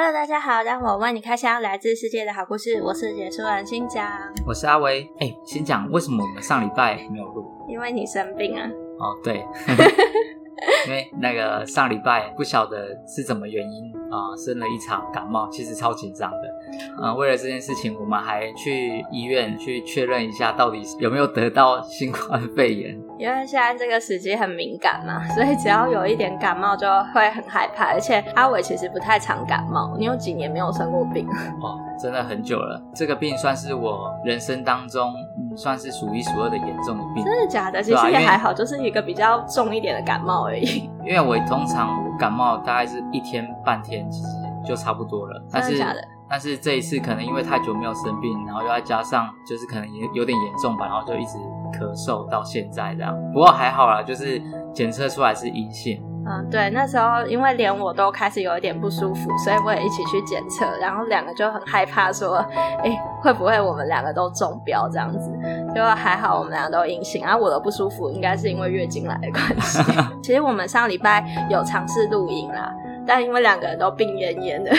Hello，大家好，讓我為你開箱來自世界的好故事。我是解說人新講，我是阿威。哎、欸，先講為什麼我們上禮拜沒有錄？因為你生病啊。哦，對。 因為那個上禮拜不曉得是怎麼原因啊，生了一場感冒，其實超緊張的。啊，為了這件事情，我們還去醫院去確認一下，到底有沒有得到新冠肺炎。因為現在這個時機很敏感嘛，啊，所以只要有一點感冒就會很害怕。而且阿偉其實不太常感冒，你有幾年沒有生過病？哦，真的很久了，這個病算是我人生當中。算是數一數二的嚴重的病，真的假的？其實也還好，就是一個比較重一點的感冒而已。因為我通常感冒大概是一天半天，其實就差不多了。真的假的？但是，但是這一次可能因為太久沒有生病，嗯、然後又再加上就是可能也有點嚴重吧，然後就一直咳嗽到現在這樣。不過還好啦，就是檢測出來是陰性。嗯，對，那時候因為連我都開始有一點不舒服，所以我也一起去檢測，然後兩個就很害怕說，哎、欸，會不會我們兩個都中標這樣子？結果還好，我們兩個都陰性。然後、啊、我的不舒服應該是因為月經來的關係。 其實我們上禮拜有嘗試錄音啦。但因為兩個人都病懨懨的，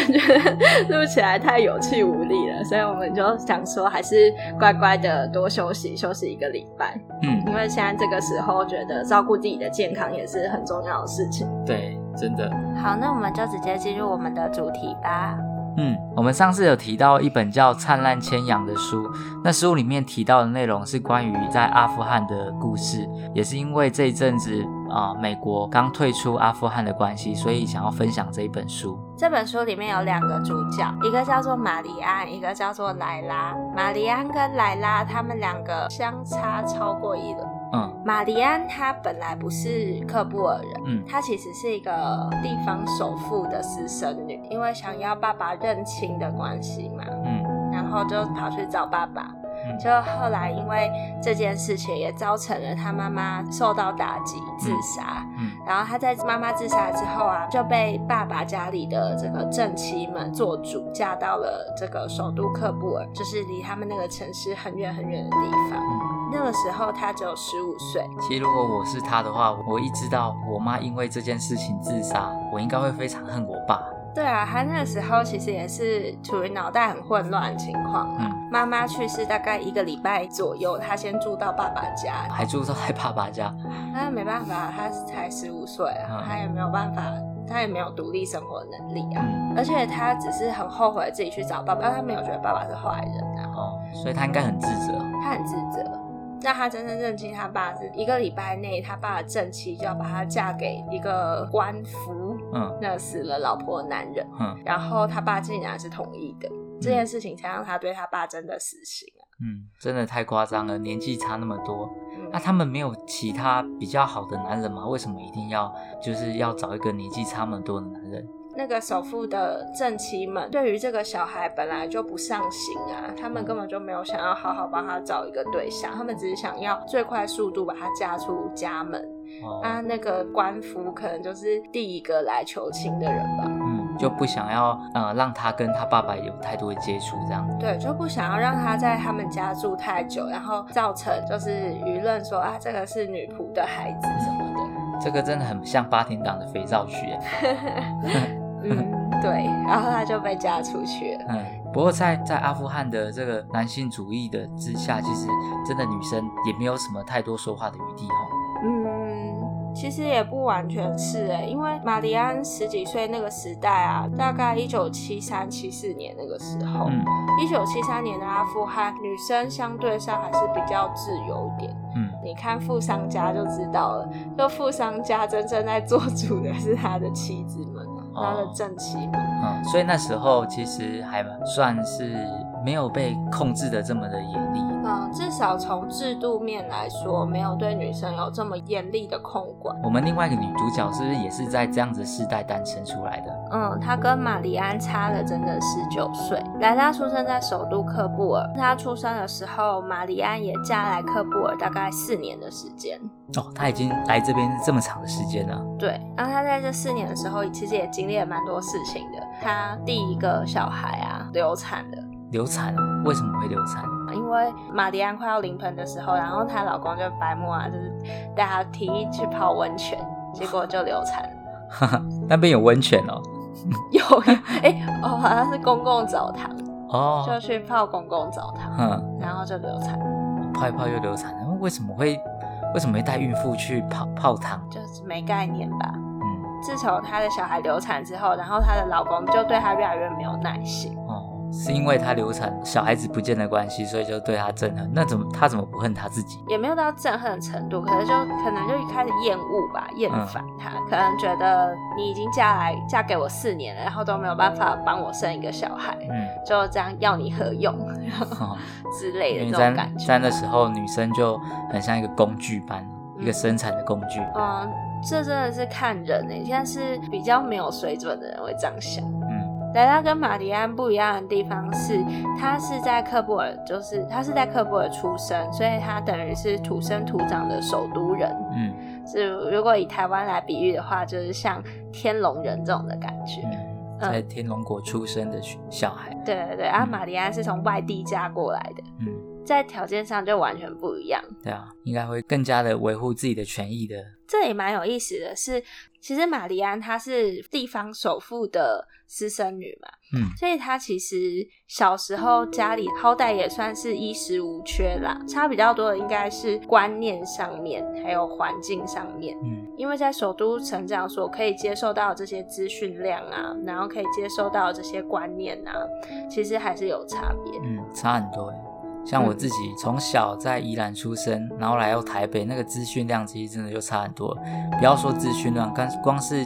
錄起來太有氣無力了，所以我們就想說，還是乖乖的多休息，休息一個禮拜。嗯，因為現在這個時候，覺得照顧自己的健康也是很重要的事情。對，真的。好，那我們就直接進入我們的主題吧。嗯，我們上次有提到一本叫《燦爛千陽》的書，那書裡面提到的內容是關於在阿富汗的故事，也是因為這一陣子。啊、呃，美國剛退出阿富汗的關係，所以想要分享這一本書。這本書裡面有兩個主角，一個叫做瑪麗安，一個叫做萊拉。瑪麗安跟萊拉他們兩個相差超過一人，嗯，瑪麗安她本來不是喀布爾人，嗯，她其實是一個地方首富的私生女，因為想要爸爸認親的關係嘛，嗯，然後就跑去找爸爸。就後來因為這件事情也造成了他媽媽受到打擊自殺。嗯，嗯，然後他在媽媽自殺之後啊，就被爸爸家裡的這個正妻們做主嫁到了這個首都喀布爾，就是離他們那個城市很遠很遠的地方。那個時候他只有十五歲。其實如果我是他的話，我一知道我媽因為這件事情自殺，我應該會非常恨我爸。對啊，他那個時候其實也是處於腦袋很混亂的情況啊、嗯。媽媽去世大概一個禮拜左右，他先住到爸爸家，還住到他爸爸家。那沒辦法，他才十五歲啊、嗯，他也沒有辦法，他也沒有獨立生活能力啊、嗯。而且他只是很後悔自己去找爸爸，他沒有覺得爸爸是壞人啊。哦、所以他應該很自責，他很自責。讓他真正認清他爸是一個禮拜內，他爸的正妻就要把他嫁給一個鰥夫，嗯，那死了老婆的男人，嗯、然後他爸竟然是同意的、嗯、這件事情，才讓他對他爸真的死心啊。嗯，真的太誇張了，年紀差那麼多，那、啊、他們沒有其他比較好的男人嗎？為什麼一定要就是要找一個年紀差那麼多的男人？那個首富的正妻們對於這個小孩本來就不上心啊，他們根本就沒有想要好好幫他找一個對象，他們只是想要最快速度把他嫁出家門。那、哦啊、那個官夫可能就是第一個來求親的人吧？嗯，就不想要呃讓他跟他爸爸有太多的接觸，這樣對，就不想要讓他在他們家住太久，然後造成就是輿論說啊這個是女僕的孩子什麼的。這個真的很像八點檔的肥皂劇。 嗯，對，然後他就被嫁出去了。嗯，不過在在阿富汗的這個男性主義的之下，其實真的女生也沒有什麼太多說話的餘地啊。嗯，其實也不完全是哎，因為瑪麗安十幾歲那個時代啊，大概一九七三七四年那個時候，嗯，一九七三年的阿富汗女生相對上還是比較自由一點。嗯，你看富商家就知道了，就富商家真正在做主的是他的妻子們。他、哦、的、哦、正妻、嗯，嗯，所以那時候其實還算是沒有被控制的這麼的嚴厲。嗯、呃，至少從制度面來說，沒有對女生有這麼嚴厲的控管。我們另外一個女主角是不是也是在這樣子世代誕生出來的？嗯，她跟瑪麗安差了整整十九歲。萊拉出生在首都喀布爾，她出生的時候，瑪麗安也嫁來喀布爾大概四年的時間。哦，她已經來這邊這麼長的時間了。對，然後她在這四年的時候，其實也經歷了蠻多事情的。她第一個小孩啊，流產了。流產，為什麼會流產？因為馬迪安快要臨盆的時候，然後她老公就白目啊，就是帶她提議去泡溫泉，結果就流產。 那邊有溫泉哦， 有哎、欸，哦，好像是公共澡堂哦，oh. 就去泡公共澡堂，嗯、然後就流產。泡一泡又流產，為什麼會為什麼會帶孕婦去泡泡湯？就是沒概念吧。嗯，自從她的小孩流產之後，然後她的老公就對她越來越沒有耐心。是因為他流產，小孩子不見的關係，所以就對他憎恨。那怎麼他怎麼不恨他自己？也沒有到憎恨的程度，可是就可能就一開始厭惡吧，厭煩他、嗯。可能覺得你已經嫁來嫁給我四年了，然後都沒有辦法幫我生一個小孩，嗯，就這樣要你何用、嗯、之類的這種感覺。在那時候，女生就很像一個工具般，嗯、一個生產的工具嗯。嗯，這真的是看人呢、欸。現在是比較沒有水準的人會這樣想。來到跟馬迪安不一樣的地方是，他是在喀布爾，就是他是在喀布爾出生，所以他等於是土生土長的首都人。嗯，是如果以台灣來比喻的話，就是像天龍人這種的感覺，嗯、在天龍國出生的小孩。嗯、對對對，阿、嗯啊、馬迪安是從外地嫁過來的。嗯。在條件上就完全不一樣，對啊，應該會更加的維護自己的權益的。這也蠻有意思的是，是其實瑪麗安她是地方首富的私生女嘛，嗯，所以她其實小時候家裡好歹也算是衣食無缺啦，差比較多的應該是觀念上面還有環境上面，嗯，因為在首都成長所可以接受到這些資訊量啊，然後可以接受到這些觀念啊，其實還是有差別，嗯，差很多。像我自己從小在宜蘭出生，然後來到台北，那個資訊量其實真的就差很多了。不要說資訊量，光光是，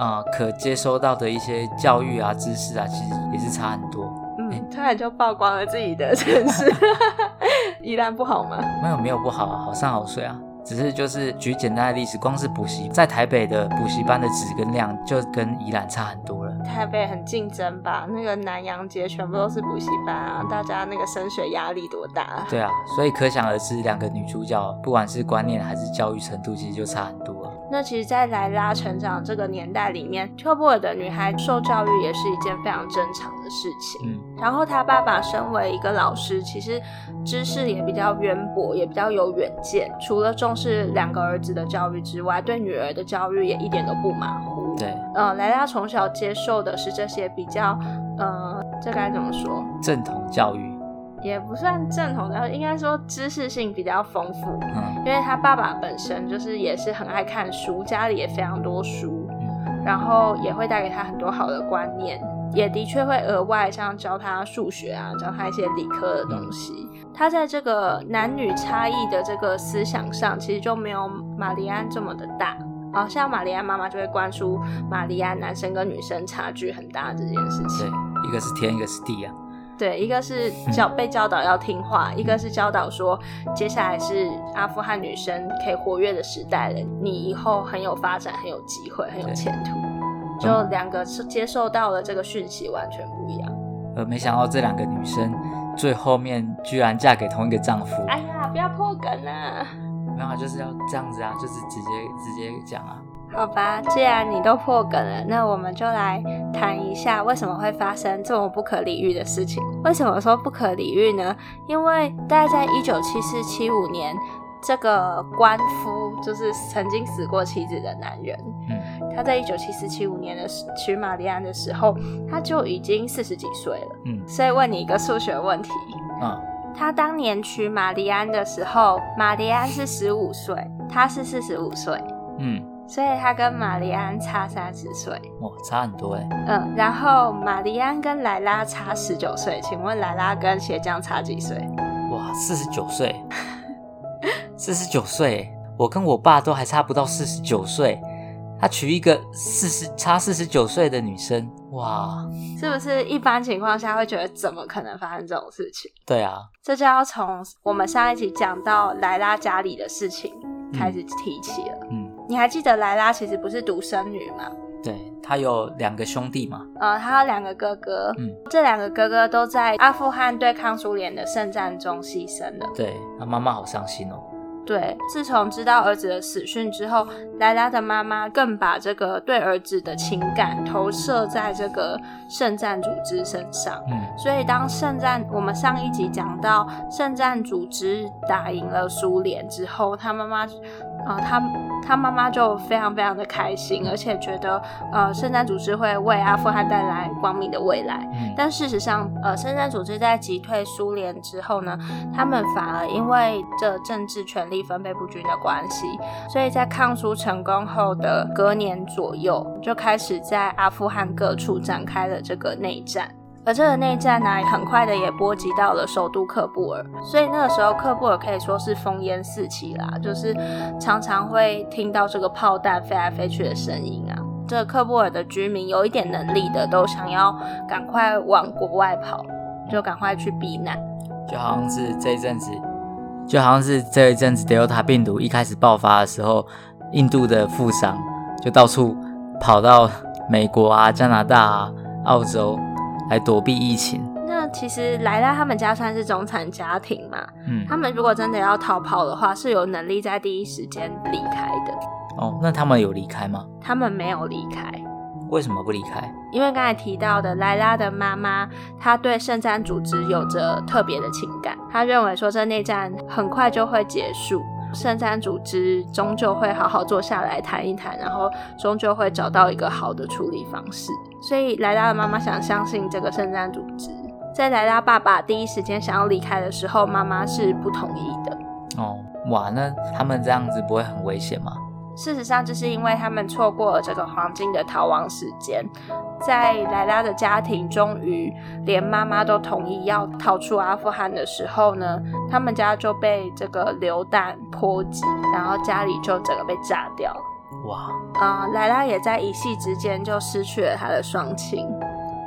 呃，可接收到的一些教育啊、知識啊，其實也是差很多。嗯，欸、突然就曝光了自己的城市，哈哈， 宜蘭不好嗎？沒有沒有不好，啊，好上好睡啊。只是就是舉簡單的例子，光是補習在台北的補習班的質跟量，就跟宜蘭差很多。台北很競爭吧？那個南陽街全部都是補習班啊，大家那個升學壓力多大，啊？對啊，所以可想而知，兩個女主角不管是觀念還是教育程度，其實就差很多。那其實，在萊拉成長這個年代裡面 t u b o 爾的女孩受教育也是一件非常正常的事情，嗯。然後她爸爸身為一個老師，其實知識也比較淵博，也比較有遠見。除了重視兩個兒子的教育之外，對女兒的教育也一點都不馬虎。對，呃，萊拉從小接受的是這些比較，呃，這該怎麼說？正統教育，也不算正統的，應該說知識性比較豐富。嗯，因為他爸爸本身就是也是很愛看書，家裡也非常多書，嗯，然後也會帶給他很多好的觀念，也的確會額外像教他數學啊，教他一些理科的東西。嗯，他在這個男女差異的這個思想上，其實就沒有瑪麗安這麼的大。好、哦，像瑪麗安媽媽就會關注瑪麗安男生跟女生差距很大的這件事情。對，一個是天，一個是地啊。對，一個是教被教導要聽話， 一個是教導說，接下來是阿富汗女生可以活躍的時代了，你以後很有發展，很有機會，很有前途。就兩個是接受到的這個訊息完全不一樣。嗯、呃，沒想到這兩個女生最後面居然嫁給同一個丈夫。哎呀，不要破梗啊！然後就是要這樣子啊，就是直接直接講啊。好吧，既然你都破梗了，那我們就來談一下為什麼會發生這麼不可理喻的事情。為什麼說不可理喻呢？因為大概在一九七四七五年，這個鰥夫，就是曾經死過妻子的男人，嗯，他在一九七四七五年的時候娶瑪麗安的時候，他就已經四十幾歲了，嗯，所以問你一個數學問題，嗯。他當年娶瑪麗安的時候，瑪麗安是十五歲，他是四十五歲，嗯，所以他跟瑪麗安差三十歲，哦，差很多哎、欸，嗯，然後瑪麗安跟萊拉差十九歲，請問萊拉跟鞋匠差幾歲？哇，四十九歲，四十九歲，我跟我爸都還差不到四十九歲。他娶一個四十差四十九歲的女生，哇，是不是一般情況下會覺得怎麼可能發生這種事情？對啊，這就要從我們上一集講到萊拉家裡的事情開始提起了。嗯，嗯，你還記得萊拉其實不是獨生女嗎？對，她有兩個兄弟嘛。呃，她有兩個哥哥。嗯，這兩個哥哥都在阿富汗對抗蘇聯的聖戰中犧牲了。對，她媽媽好傷心哦。對，自從知道兒子的死訊之後，萊拉的媽媽更把這個對兒子的情感投射在這個聖戰組織身上。嗯，所以當聖戰，我們上一集講到聖戰組織打贏了蘇聯之後，他媽媽。呃，他他媽媽就非常非常的開心，而且覺得，呃，聖戰組織會為阿富汗帶來光明的未來。但事實上，呃，聖戰組織在擊退蘇聯之後呢，他們反而因為這政治權力分配不均的關係，所以在抗蘇成功後的隔年左右，就開始在阿富汗各處展開了這個內戰。而這個內戰呢、啊，很快的也波及到了首都喀布爾，所以那個時候喀布爾可以說是烽煙四起啦，就是常常會聽到這個炮彈飛來飛去的聲音啊。這個喀布爾的居民有一點能力的，都想要趕快往國外跑，就趕快去避難。就好像是這一陣子，就好像是這一陣子 Delta 病毒一開始爆發的時候，印度的富商就到處跑到美國啊、加拿大啊、澳洲。來躲避疫情。那其實萊拉他們家算是中產家庭嘛。嗯，他們如果真的要逃跑的話，是有能力在第一時間離開的。哦，那他們有離開嗎？他們沒有離開。為什麼不離開？因為剛才提到的萊拉的媽媽，她對聖戰組織有着特別的情感。她認為說這內戰很快就會結束。聖戰組織終究會好好坐下來談一談，然後終究會找到一個好的處理方式。所以，萊拉的媽媽想相信這個聖戰組織。在萊拉爸爸第一時間想要離開的時候，媽媽是不同意的。哦，哇，那他們這樣子不會很危險嗎？事實上，就是因為他們錯過了這個黃金的逃亡時間，在萊拉的家庭終於連媽媽都同意要逃出阿富汗的時候呢，他們家就被這個流彈波及，然後家裡就整個被炸掉了。哇！啊、嗯，萊拉也在一夕之間就失去了她的雙親。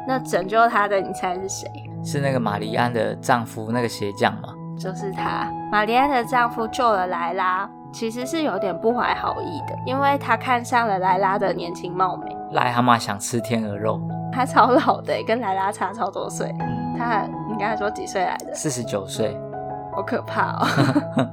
那拯救她的，你猜是誰？是那個瑪麗安的丈夫，那個鞋匠嗎？就是他，瑪麗安的丈夫救了萊拉。其實是有點不懷好意的，因為他看上了萊拉的年輕貌美。癩蛤蟆想吃天鵝肉。他超老的、欸，跟萊拉差超多歲。他，你剛才說幾歲來的？四十九歲。好可怕哦、喔！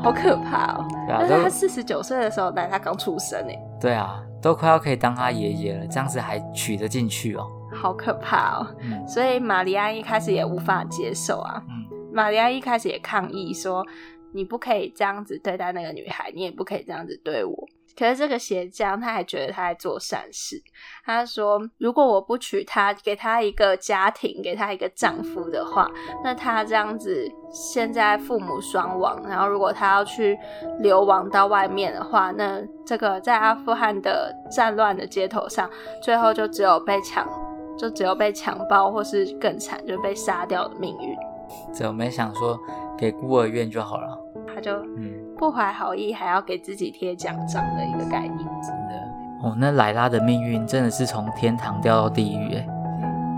好可怕哦、喔！但是他四十九歲的時候，萊拉剛出生呢、欸啊。對啊，都快要可以當他爺爺了，這樣子還娶得進去哦、喔？好可怕哦、喔嗯！所以瑪麗安一開始也無法接受啊。瑪麗安一開始也抗議說。你不可以這樣子對待那個女孩，你也不可以這樣子對我。可是這個鞋匠他還覺得他在做善事。他說，如果我不娶她，給她一個家庭，給她一個丈夫的話，那她這樣子現在父母雙亡，然後如果她要去流亡到外面的話，那這個在阿富汗的戰亂的街頭上，最後就只有被搶，就只有被強暴，或是更慘，就被殺掉的命運。這我沒想說，給孤兒院就好了。就不懷好意，還要給自己貼獎章的一個概念，真的哦。那萊拉的命運真的是從天堂掉到地獄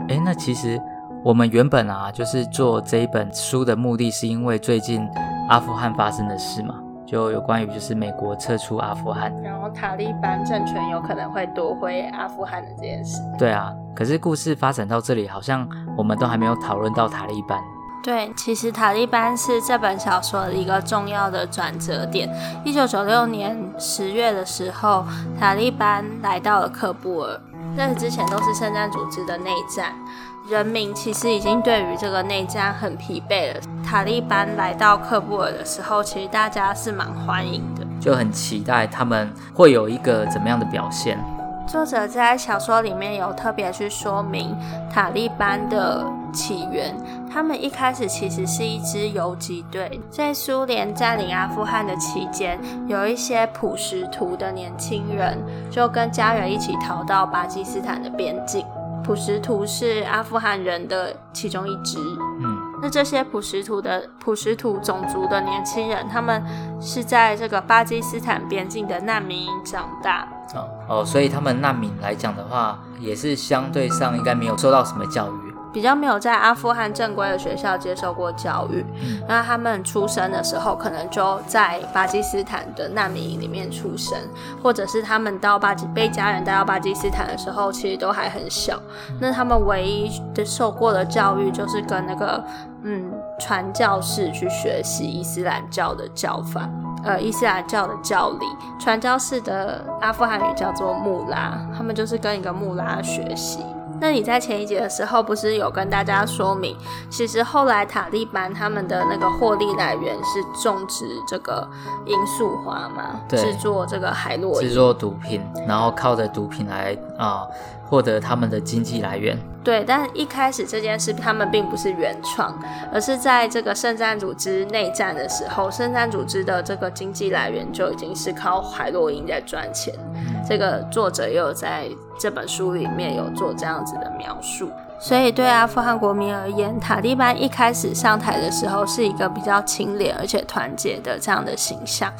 誒誒。那其實我們原本啊，就是做這一本書的目的是因為最近阿富汗發生的事嘛，就有關於就是美國撤出阿富汗，然後塔利班政權有可能會奪回阿富汗的這件事。對啊，可是故事發展到這裡，好像我們都還沒有討論到塔利班。對，其實塔利班是這本小說的一個重要的轉折點。一九九六年十月的時候，塔利班來到了喀布爾，但是之前都是聖戰組織的內戰，人民其實已經對於這個內戰很疲憊了。塔利班來到喀布爾的時候，其實大家是蠻歡迎的，就很期待他們會有一個怎麼樣的表現。作者在小說裡面有特別去說明塔利班的。起源，他們一開始其實是一支游擊隊，在蘇聯占領阿富汗的期間，有一些普什圖的年輕人就跟家人一起逃到巴基斯坦的邊境。普什圖是阿富汗人的其中一支。嗯，那這些普什圖的普什圖種族的年輕人，他們是在這個巴基斯坦邊境的難民營長大。哦哦，所以他們難民來講的話，也是相對上應該沒有受到什麼教育。比較沒有在阿富汗正規的學校接受過教育，那他們出生的時候可能就在巴基斯坦的難民營裡面出生，或者是他們到巴基被家人帶到巴基斯坦的時候，其實都還很小。那他們唯一的受過的教育就是跟那個嗯傳教士去學習伊斯蘭教的教法，呃伊斯蘭教的教理。傳教士的阿富汗語叫做穆拉，他們就是跟一個穆拉學習。那你在前一集的時候不是有跟大家說明，其實後來塔利班他們的那個獲利來源是種植這個罌粟花嗎？對，製作這個海洛因，製作毒品，然後靠着毒品來啊，嗯哦獲得他們的經濟來源。對，但一開始這件事他們並不是原創，而是在這個聖戰組織內戰的時候，聖戰組織的這個經濟來源就已經是靠海洛因在賺錢。嗯。這個作者又在這本書裡面有做這樣子的描述。所以對阿富汗國民而言，塔利班一開始上台的時候是一個比較清廉而且團結的這樣的形象。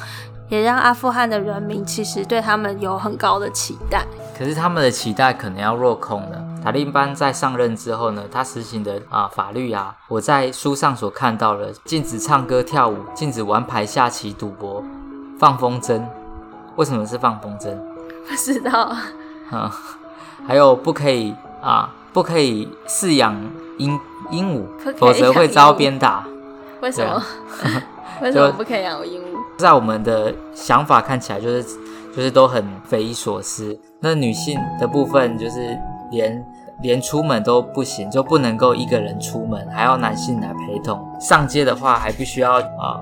也讓阿富汗的人民其實對他們有很高的期待，可是他們的期待可能要落空了。塔利班在上任之後呢，他實行的啊法律，啊，我在書上所看到的，禁止唱歌跳舞，禁止玩牌下棋賭博，放風箏。為什麼是放風箏？不知道啊、嗯。還有不可以啊，不可以飼養鸚鸚鵡，否則會遭鞭打。為什麼？啊、 為什麼不可以養鸚鵡？在我們的想法看起來就是，就是都很匪夷所思。那女性的部分就是連連出門都不行，就不能夠一個人出門，還要男性來陪同。上街的話，還必須要啊，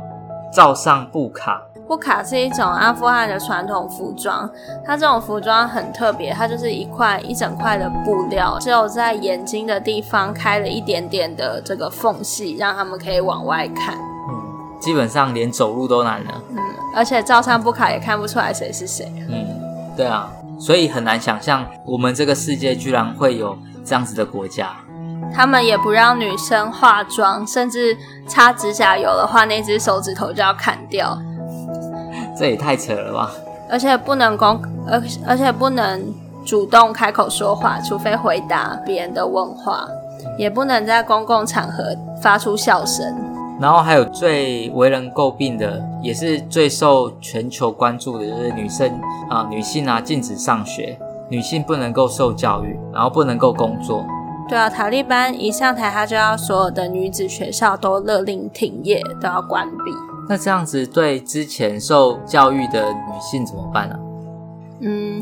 罩、呃、上布卡。布卡是一種阿富汗的傳統服裝，它這種服裝很特別，它就是一塊一整塊的布料，只有在眼睛的地方開了一點點的這個縫隙，讓他們可以往外看。基本上連走路都難了，嗯，而且罩上布卡也看不出來誰是誰，嗯，對啊，所以很難想象我們這個世界居然會有這樣子的國家。他們也不讓女生化妝，甚至擦指甲油的話，那只手指頭就要砍掉。這也太扯了吧！而且不能公，而而且不能主動開口說話，除非回答別人的問話，也不能在公共場合發出笑聲。然後還有最為人詬病的，也是最受全球關注的，就是女生啊、呃，女性啊，禁止上學，女性不能夠受教育，然後不能夠工作。對啊，塔利班一上台，他就要所有的女子學校都勒令停業，都要關閉。那這樣子對之前受教育的女性怎麼辦呢、啊？嗯，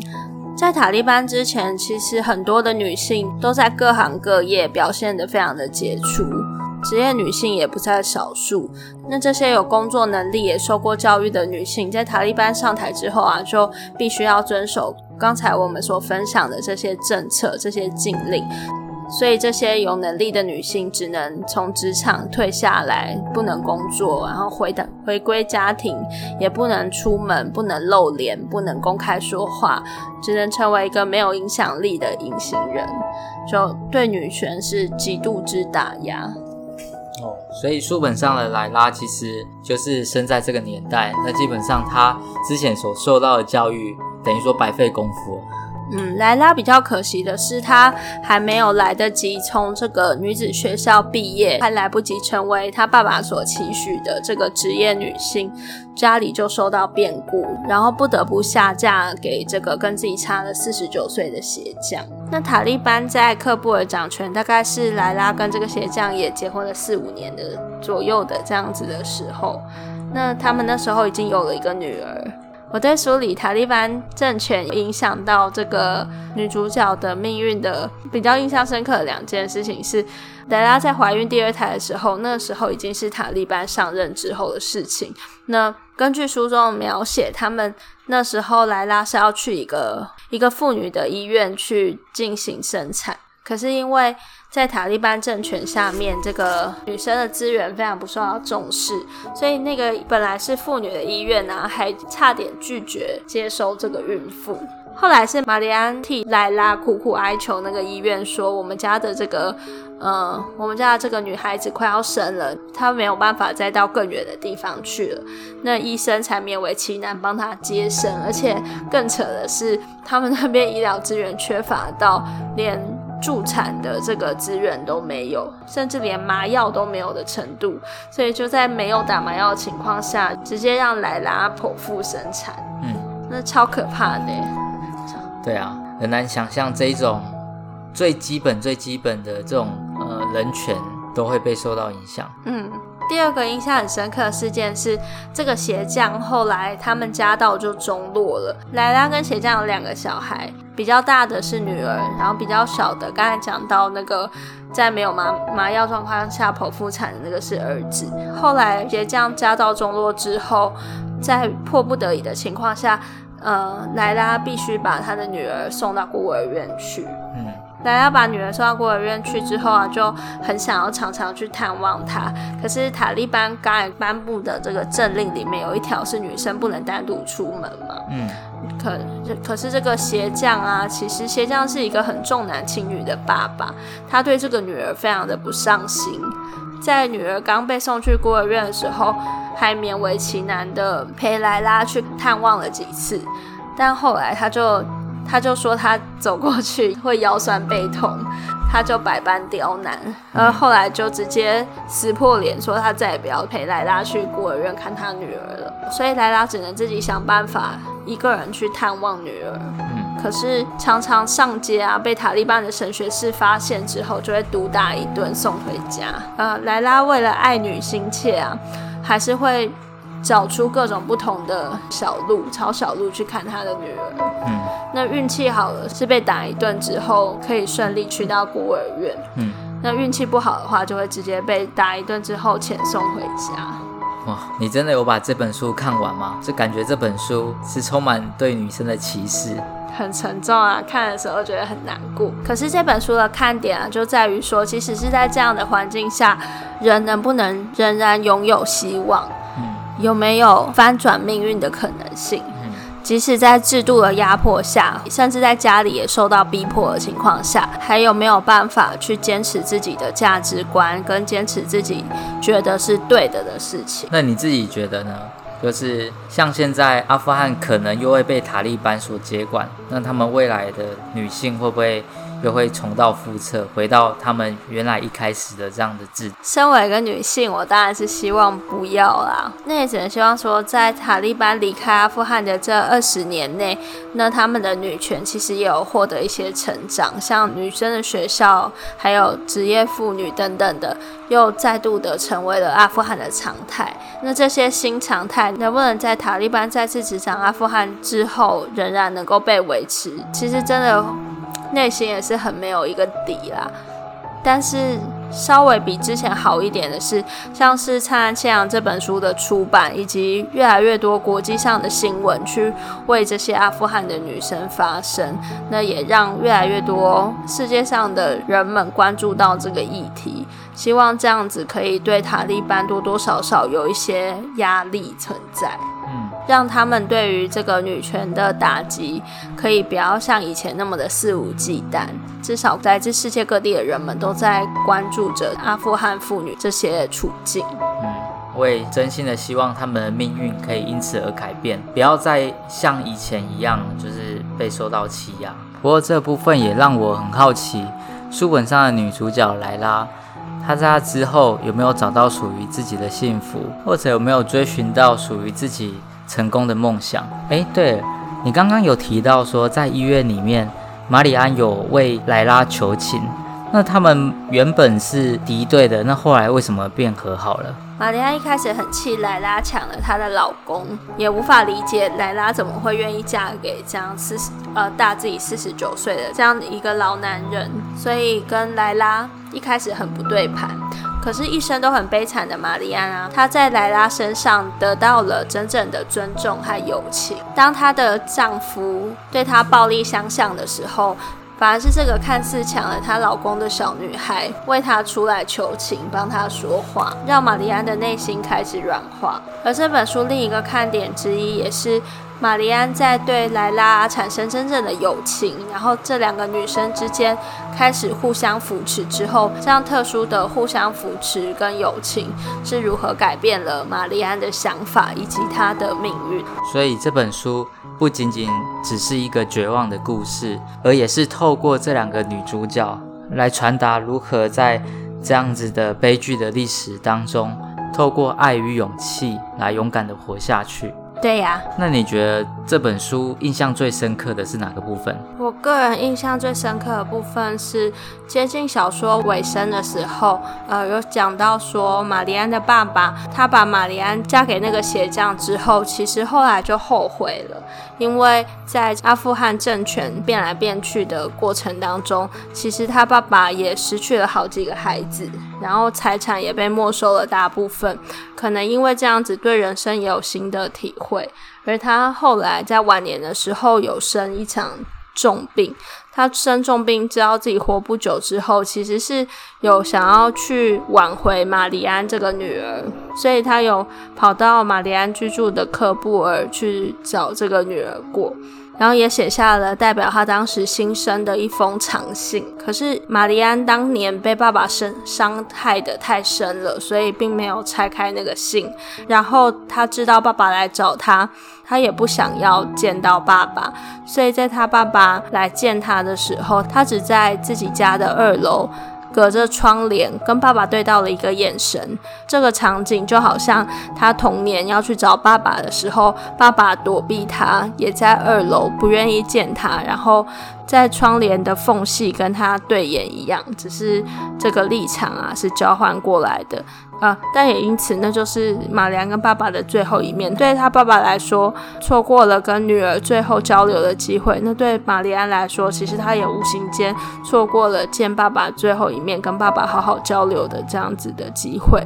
在塔利班之前，其實很多的女性都在各行各業表現得非常的傑出。職業女性也不在少數。那這些有工作能力、也受過教育的女性，在塔利班上台之後啊，就必須要遵守剛才我們所分享的這些政策、這些禁令。所以，這些有能力的女性只能從職場退下來，不能工作，然後回的回歸家庭，也不能出門，不能露臉，不能公開說話，只能成為一個沒有影響力的隱形人。就對女權是極度之打壓。哦，所以書本上的萊拉其實就是生在這個年代，那基本上她之前所受到的教育等於說白費功夫。嗯，萊拉比較可惜的是，她還沒有來得及從這個女子學校畢業，還來不及成為她爸爸所期許的這個職業女性，家裡就受到變故，然後不得不下嫁給這個跟自己差了四十九歲的鞋匠。那塔利班在喀布爾掌權，大概是萊拉跟這個鞋匠也結婚了四五年的左右的這樣子的時候，那他們那時候已經有了一個女兒。我對書裡塔利班政權影響到這個女主角的命運的比較印象深刻的兩件事情是，萊拉在懷孕第二胎的時候，那時候已經是塔利班上任之後的事情。那根據書中描寫，他們那時候萊拉是要去一個一個婦女的醫院去進行生產，可是因為，在塔利班政權下面，這個女生的資源非常不受到重視，所以那個本來是婦女的醫院呢，啊，還差點拒絕接收這個孕婦。後來是瑪麗安替萊拉苦苦哀求那個醫院，說我們家的這個，呃，我們家的這個女孩子快要生了，她沒有辦法再到更遠的地方去了。那醫生才勉為其難幫她接生。而且更扯的是，他們那邊醫療資源缺乏到連。助產的這個資源都沒有，甚至連麻藥都沒有的程度，所以就在沒有打麻藥的情況下，直接讓萊拉剖腹生產。嗯，那超可怕的。對啊，很難想象這一種最基本、最基本的這種呃人權都會被受到影響。嗯。第二個印象很深刻的事件是，這個鞋匠後來他們家道就中落了。萊拉跟鞋匠有兩個小孩，比較大的是女兒，然後比較小的，剛才講到那個在沒有麻麻藥狀況下剖腹產的那個是兒子。後來鞋匠家道中落之後，在迫不得已的情況下，呃，萊拉必須把他的女兒送到孤兒院去。來要、啊、把女兒送到孤兒院去之後啊，就很想要常常去探望她。可是塔利班剛頒布的這個政令裡面有一條是女生不能單獨出門嘛。嗯。可可是這個鞋匠啊，其實鞋匠是一個很重男輕女的爸爸，他對這個女兒非常的不上心。在女兒剛被送去孤兒院的時候，還勉為其難的陪萊拉去探望了幾次，但後來他就。他就說他走過去會腰酸背痛，他就百般刁難，而後來就直接撕破臉說他再也不要陪萊拉去孤兒院看他女兒了，所以萊拉只能自己想辦法一個人去探望女兒。可是常常上街啊，被塔利班的神學士發現之後，就會毒打一頓送回家。啊、呃，萊拉為了愛女心切啊，還是會。找出各種不同的小路，朝小路去看他的女兒。嗯，那運氣好了是被打一頓之後，可以順利去到孤兒院。嗯，那運氣不好的話，就會直接被打一頓之後遣送回家。哇，你真的有把這本書看完嗎？就感覺這本書是充滿對女生的歧視，很沉重啊。看的時候覺得很難過。可是這本書的看點啊，就在於說，其實是在這樣的環境下，人能不能仍然擁有希望。有沒有翻轉命運的可能性？即使在制度的壓迫下，甚至在家裡也受到逼迫的情況下，還有沒有辦法去堅持自己的價值觀，跟堅持自己覺得是對的的事情？那你自己覺得呢？就是像現在阿富汗可能又會被塔利班所接管，那他們未來的女性會不會？又會重蹈覆轍，回到他們原來一開始的這樣的制度。身為一個女性，我當然是希望不要啦。那也只能希望說，在塔利班離開阿富汗的這二十年內，那他們的女權其實也有獲得一些成長，像女生的學校，還有職業婦女等等的，又再度的成為了阿富汗的常態。那這些新常態能不能在塔利班再次執掌阿富汗之後仍然能夠被維持？其實真的。嗯內心也是很沒有一個底啦，但是稍微比之前好一點的是，像是《燦爛千陽》這本書的出版，以及越來越多國際上的新聞去為這些阿富汗的女生發聲，那也讓越來越多世界上的人們關注到這個議題，希望這樣子可以對塔利班多多少少有一些壓力存在。讓他們對於這個女權的打擊可以不要像以前那麼的肆無忌憚，至少在這世界各地的人們都在關注着阿富汗婦女這些處境。嗯，我也真心的希望他們的命運可以因此而改變，不要再像以前一樣就是被受到欺壓、啊。不過這部分也讓我很好奇，書本上的女主角萊拉，她在她之後有沒有找到屬於自己的幸福，或者有沒有追尋到屬於自己成功的夢想。哎，對了，你剛剛有提到說，在醫院裡面，馬里安有為萊拉求情。那他們原本是敵對的，那後來為什麼變和好了？馬里安一開始很氣萊拉搶了她的老公，也無法理解萊拉怎麼會願意嫁給這樣四十呃大自己四十九歲的這樣一個老男人，所以跟萊拉一開始很不對盤。可是，一生都很悲慘的瑪麗安啊，她在萊拉身上得到了真正的尊重和友情。當她的丈夫對她暴力相向的時候，反而是這個看似搶了她老公的小女孩為她出來求情，幫她說話，讓瑪麗安的內心開始軟化。而這本書另一個看點之一也是。瑪麗安在對萊拉產生真正的友情，然後這兩個女生之間開始互相扶持之後，這樣特殊的互相扶持跟友情是如何改變了瑪麗安的想法以及她的命運？所以這本書不僅僅只是一個絕望的故事，而也是透過這兩個女主角來傳達如何在這樣子的悲劇的歷史當中，透過愛與勇氣來勇敢地活下去。對呀，那你覺得這本書印象最深刻的是哪個部分？我個人印象最深刻的部分是接近小說尾聲的時候，呃，有講到說瑪麗安的爸爸，他把瑪麗安嫁給那個鞋匠之後，其實後來就後悔了，因為在阿富汗政權變來變去的過程當中，其實他爸爸也失去了好幾個孩子，然後財產也被沒收了大部分，可能因為這樣子對人生也有新的體會。會，而他後來在晚年的時候有生一場重病，他生重病，知道自己活不久之後，其實是有想要去挽回瑪麗安這個女兒，所以他有跑到瑪麗安居住的喀布爾去找這個女兒過。然後也寫下了代表他當時心聲的一封長信。可是瑪麗安當年被爸爸傷傷害得太深了，所以並沒有拆開那個信。然後他知道爸爸來找他，他也不想要見到爸爸，所以在他爸爸來見他的時候，他只在自己家的二樓。隔着窗簾跟爸爸對到了一個眼神，這個場景就好像他童年要去找爸爸的時候，爸爸躲避他，也在二樓不願意見他，然後。在窗簾的縫隙跟他對眼一樣，只是這個立場啊是交換過來的啊，但也因此，那就是瑪麗安跟爸爸的最後一面。對他爸爸來說，錯過了跟女兒最後交流的機會；那對瑪麗安來說，其實他也無形間錯過了見爸爸最後一面、跟爸爸好好交流的這樣子的機會。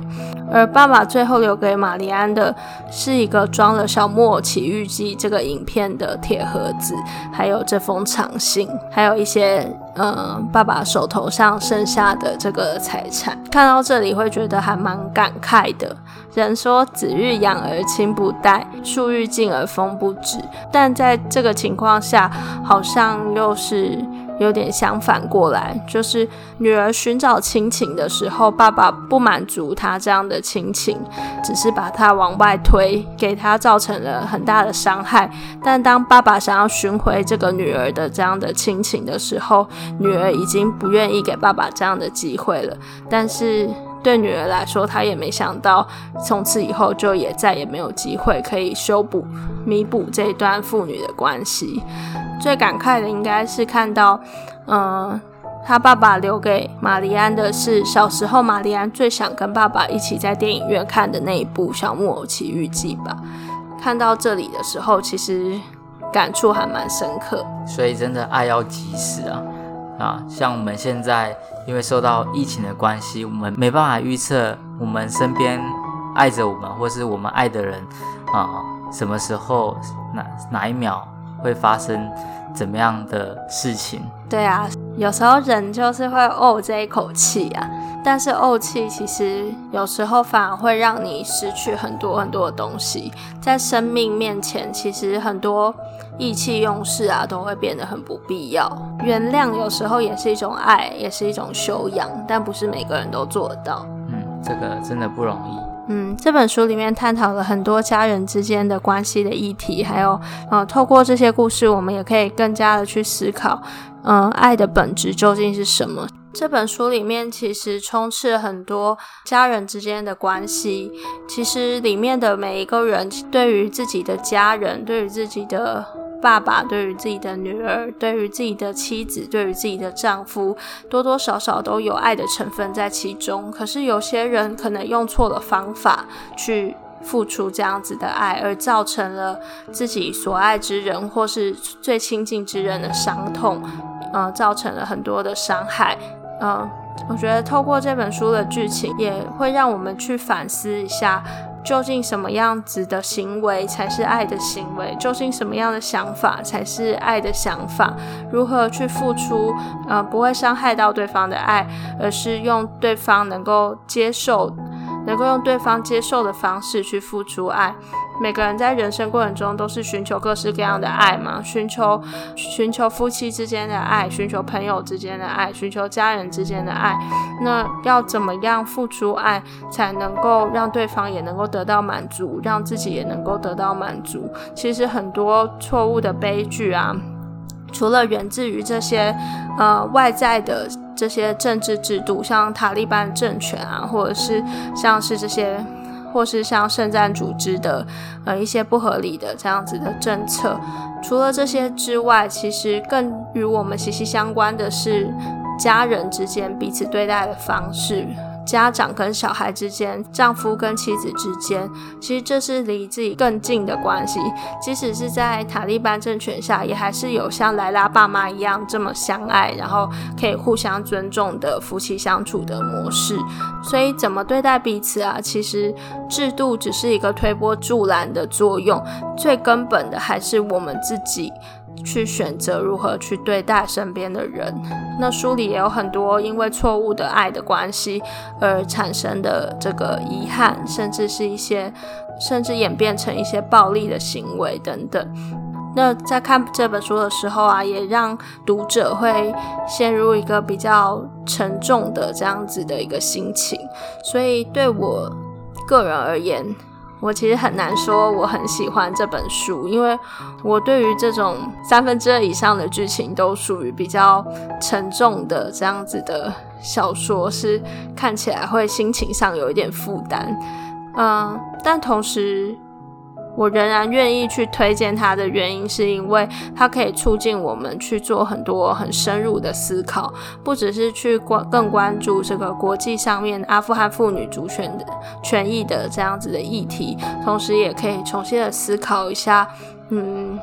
而爸爸最後留給瑪麗安的，是一個裝了《小木偶奇遇記》這個影片的鐵盒子，還有這封長信。還有一些，嗯、呃，爸爸手頭上剩下的這個財產，看到這裡會覺得還蠻感慨的。人說“子欲養而親不待，樹欲靜而風不止”，但在這個情況下，好像又是。有點相反過來，就是女兒尋找親情的時候，爸爸不滿足她這樣的親情，只是把她往外推，給她造成了很大的傷害。但當爸爸想要尋回這個女兒的這樣的親情的時候，女兒已經不願意給爸爸這樣的機會了。但是。對女兒來說，她也沒想到，從此以後就也再也沒有機會可以修補、彌補這一段父女的關係。最感慨的應該是看到，嗯，他爸爸留給瑪麗安的是小時候瑪麗安最想跟爸爸一起在電影院看的那一部《小木偶奇遇記》吧。看到這裡的時候，其實感觸還蠻深刻。所以真的愛要及時啊！啊，像我們現在。因為受到疫情的關係，我們沒辦法預測我們身邊愛着我們，或是我們愛的人啊、呃，什麼時候哪哪一秒會發生。怎麼樣的事情？對啊，有時候人就是會慪這一口氣啊。但是慪氣其實有時候反而會讓你失去很多很多的東西。在生命面前，其實很多意氣用事啊，都會變得很不必要。原諒有時候也是一種愛，也是一種修養，但不是每個人都做得到。嗯，這個真的不容易。嗯，這本書裡面探討了很多家人之間的關係的議題，還有，呃，透過這些故事，我們也可以更加的去思考，嗯、呃，愛的本質究竟是什麼。這本書裡面其實充斥了很多家人之間的關係，其實裡面的每一個人對於自己的家人，對於自己的。爸爸對於自己的女兒，對於自己的妻子，對於自己的丈夫，多多少少都有愛的成分在其中。可是有些人可能用錯了方法去付出這樣子的愛，而造成了自己所愛之人或是最親近之人的傷痛，呃，造成了很多的傷害。嗯、呃，我覺得透過這本書的劇情，也會讓我們去反思一下。究竟什麼樣子的行為才是愛的行為？究竟什麼樣的想法才是愛的想法？如何去付出？嗯、呃，不會傷害到對方的愛，而是用對方能夠接受。能夠用對方接受的方式去付出愛。每個人在人生過程中都是尋求各式各樣的愛嘛，尋求、尋求夫妻之間的愛，尋求朋友之間的愛，尋求家人之間的愛。那要怎麼樣付出愛，才能夠讓對方也能夠得到滿足，讓自己也能夠得到滿足？其實很多錯誤的悲劇啊，除了源自於這些，呃，外在的。這些政治制度，像塔利班政權啊，或者是像是這些，或是像聖戰組織的，呃，一些不合理的這樣子的政策。除了這些之外，其實更與我們息息相關的是家人之間彼此對待的方式。家長跟小孩之間，丈夫跟妻子之間，其實這是離自己更近的關係。即使是在塔利班政權下，也還是有像萊拉爸媽一樣這麼相愛，然後可以互相尊重的夫妻相處的模式。所以，怎麼對待彼此啊？其實制度只是一個推波助瀾的作用，最根本的還是我們自己。去選擇如何去對待身邊的人。那書裡也有很多因為錯誤的愛的關係而產生的這個遺憾，甚至是一些，甚至演變成一些暴力的行為等等。那在看這本書的時候啊，也讓讀者會陷入一個比較沉重的這樣子的一個心情。所以對我個人而言，我其實很難說我很喜歡這本書，因為我對於這種三分之二以上的劇情都屬於比較沉重的這樣子的小說，是看起來會心情上有一點負擔。嗯，但同時，我仍然願意去推薦它的原因，是因為它可以促進我們去做很多很深入的思考，不只是去關更關注這個國際上面阿富汗婦女主權的權益的這樣子的議題，同時也可以重新的思考一下，嗯，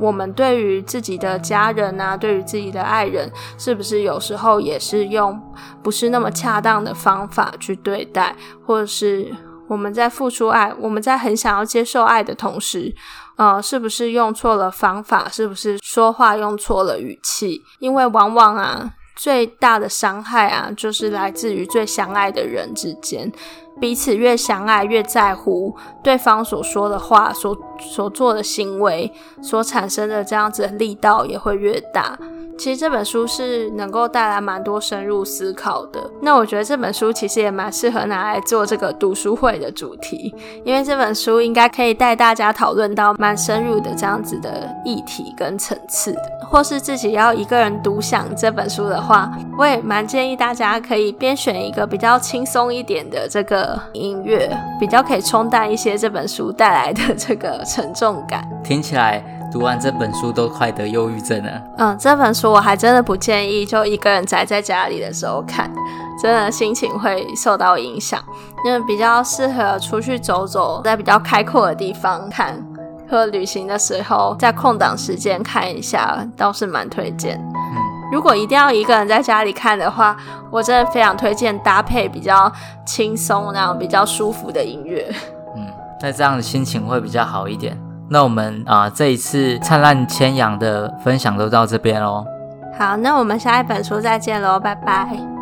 我們對於自己的家人啊，對於自己的愛人，是不是有時候也是用不是那麼恰當的方法去對待，或者是，我們在付出愛，我們在很想要接受愛的同時，呃，是不是用錯了方法？是不是說話用錯了語氣？因為往往啊，最大的傷害啊，就是來自於最相愛的人之間，彼此越相愛，越在乎對方所說的話、所所做的行為所產生的這樣子的力道也會越大。其實這本書是能夠帶來蠻多深入思考的。那我覺得這本書其實也蠻適合拿來做這個讀書會的主題，因為這本書應該可以帶大家討論到蠻深入的這樣子的議題跟層次。或是自己要一個人獨享這本書的話，我也蠻建議大家可以編選一個比較輕鬆一點的這個音樂，比較可以沖淡一些這本書帶來的這個沉重感。聽起來。讀完這本書都快得憂鬱症了。嗯，這本書我還真的不建議就一個人宅在家裡的時候看，真的心情會受到影響。因為比較適合出去走走，在比較開闊的地方看，和旅行的時候在空檔時間看一下，倒是蠻推薦。嗯，如果一定要一個人在家裡看的話，我真的非常推薦搭配比較輕鬆、然後比較舒服的音樂。嗯，那這樣的心情會比較好一點。那我們啊，這一次燦爛千陽的分享都到這邊嘍。好，那我們下一本書再見嘍，拜拜。